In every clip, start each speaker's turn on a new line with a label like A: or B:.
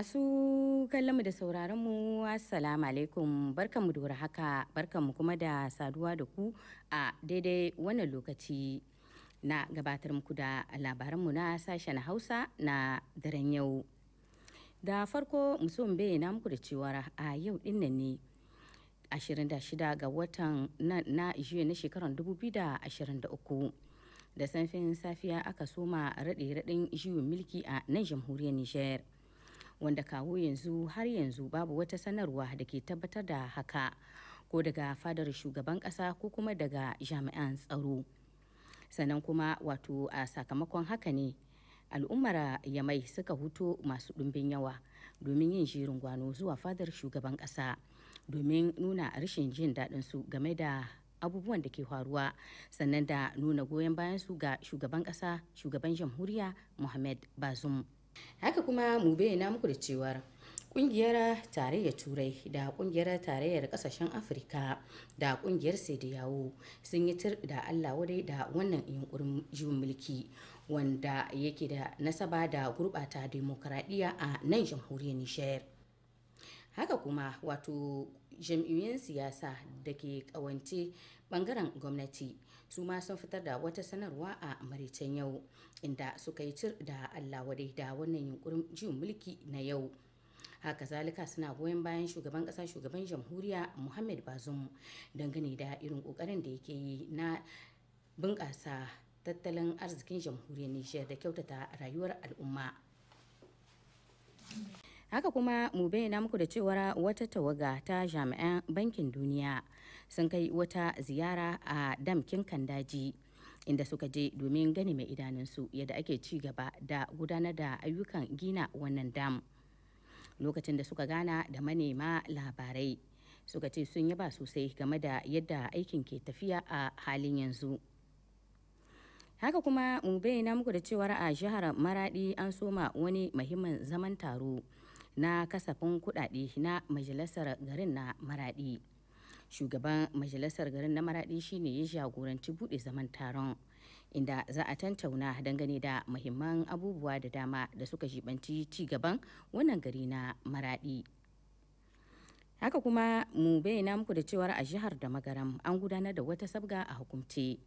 A: Masu kallonmu da sauraronmu Assalamu alaikum mu da haka barkan mu kuma da saduwa da ku a daidai wannan lokaci na gabatar muku da labaranmu na sashen Hausa na daren yau. Da farko bai na muku da cewa a yau dinnan ne 26 ga watan na, na na shekarar 2023. da sanfin safiya aka soma raɗe-raɗin jiwon mulki a nan jamhuriyar niger wanda kawo yanzu har yanzu babu wata sanarwa da ke tabbatar da haka ko daga fadar shugaban kasa ko kuma daga jami'an tsaro sannan kuma wato a sakamakon haka ne al'ummar yamai suka huto masu ɗumbin yawa domin yin jirin gwano zuwa fadar shugaban kasa domin nuna rashin jin daɗin su game da abubuwan da ke faruwa sannan da nuna goyon bayan su ga shugaban kasa shugaban jamhuriya muhammad bazum haka kuma mu bayyana muku da cewar kungiyar tarayyar turai da kungiyar tarayyar kasashen afirka da kungiyar yawo sun yi tur da allah wadai da wannan yunkurin juyin mulki wanda yake da nasaba da gurbata demokradiyya a nan jamhuriyar nishayar haka kuma wato jam'iyyun siyasa da ke kawance bangaren gwamnati su ma sun fitar da wata sanarwa a maraicen yau inda suka yi cir da allah wadai da wannan yunkurin jin mulki na yau haka zalika suna goyon bayan shugaban kasa shugaban jamhuriya muhammad bazum dangane da irin kokarin da yake yi na bunƙasa tattalin arzikin jamhuriyar nijar da kyautata rayuwar al'umma haka kuma mu bayyana muku da cewar wata tawaga ta jami'an bankin duniya sun kai wata ziyara a damkin kandaji inda suka je domin gani mai idanunsu yadda ake ci gaba da gudanar da ayyukan gina wannan dam lokacin da suka gana da manema labarai suka ce sun yaba sosai game da yadda aikin ke tafiya a halin yanzu haka kuma mu bayyana muku da cewar a jihar maradi an soma wani muhimmin zaman taro na kasafin kuɗaɗe na majalisar garin na maraɗi. shugaban majalisar garin na maradi shine ya jagoranci bude zaman taron inda za a tantauna dangane da mahimman abubuwa da dama da suka jibanci ci gaban wannan gari na maradi haka kuma mu bayyana muku da cewar a jihar da magaram an gudanar da wata sabga a hukumce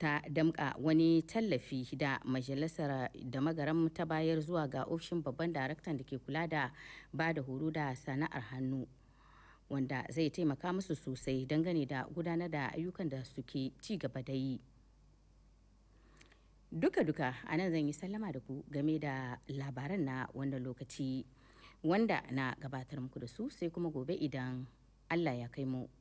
A: ta damka wani tallafi da majalisar da magaram ta bayar zuwa ga ofishin babban daraktan da ke kula da ba da horo da sana'ar hannu wanda zai taimaka musu sosai dangane da gudanar da ayyukan da suke ci gaba da yi duka-duka a nan zan yi sallama da ku game da labaran na wanda lokaci wanda na gabatar muku da su sai kuma gobe idan allah ya kai mu